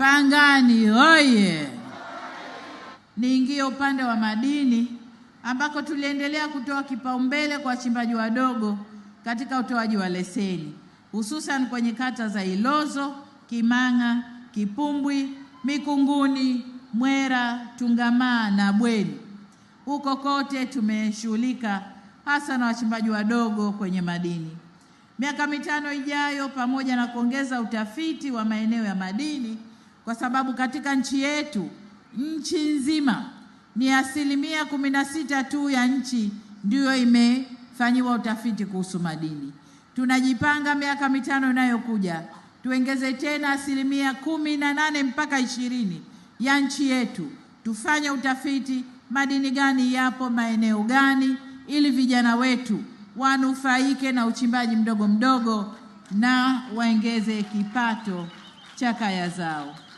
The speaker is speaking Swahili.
Pangani oye! Niingie upande wa madini ambako tuliendelea kutoa kipaumbele kwa wachimbaji wadogo katika utoaji wa leseni hususan kwenye kata za Ilozo, Kimang'a, Kipumbwi, Mikunguni, Mwera, Tungamaa na Bweni. Huko kote tumeshughulika hasa na wachimbaji wadogo kwenye madini. Miaka mitano ijayo, pamoja na kuongeza utafiti wa maeneo ya madini kwa sababu katika nchi yetu, nchi nzima ni asilimia kumi na sita tu ya nchi ndiyo imefanyiwa utafiti kuhusu madini. Tunajipanga miaka mitano inayokuja tuongeze tena asilimia kumi na nane mpaka ishirini ya nchi yetu, tufanye utafiti madini gani yapo maeneo gani, ili vijana wetu wanufaike na uchimbaji mdogo mdogo na waongeze kipato cha kaya zao.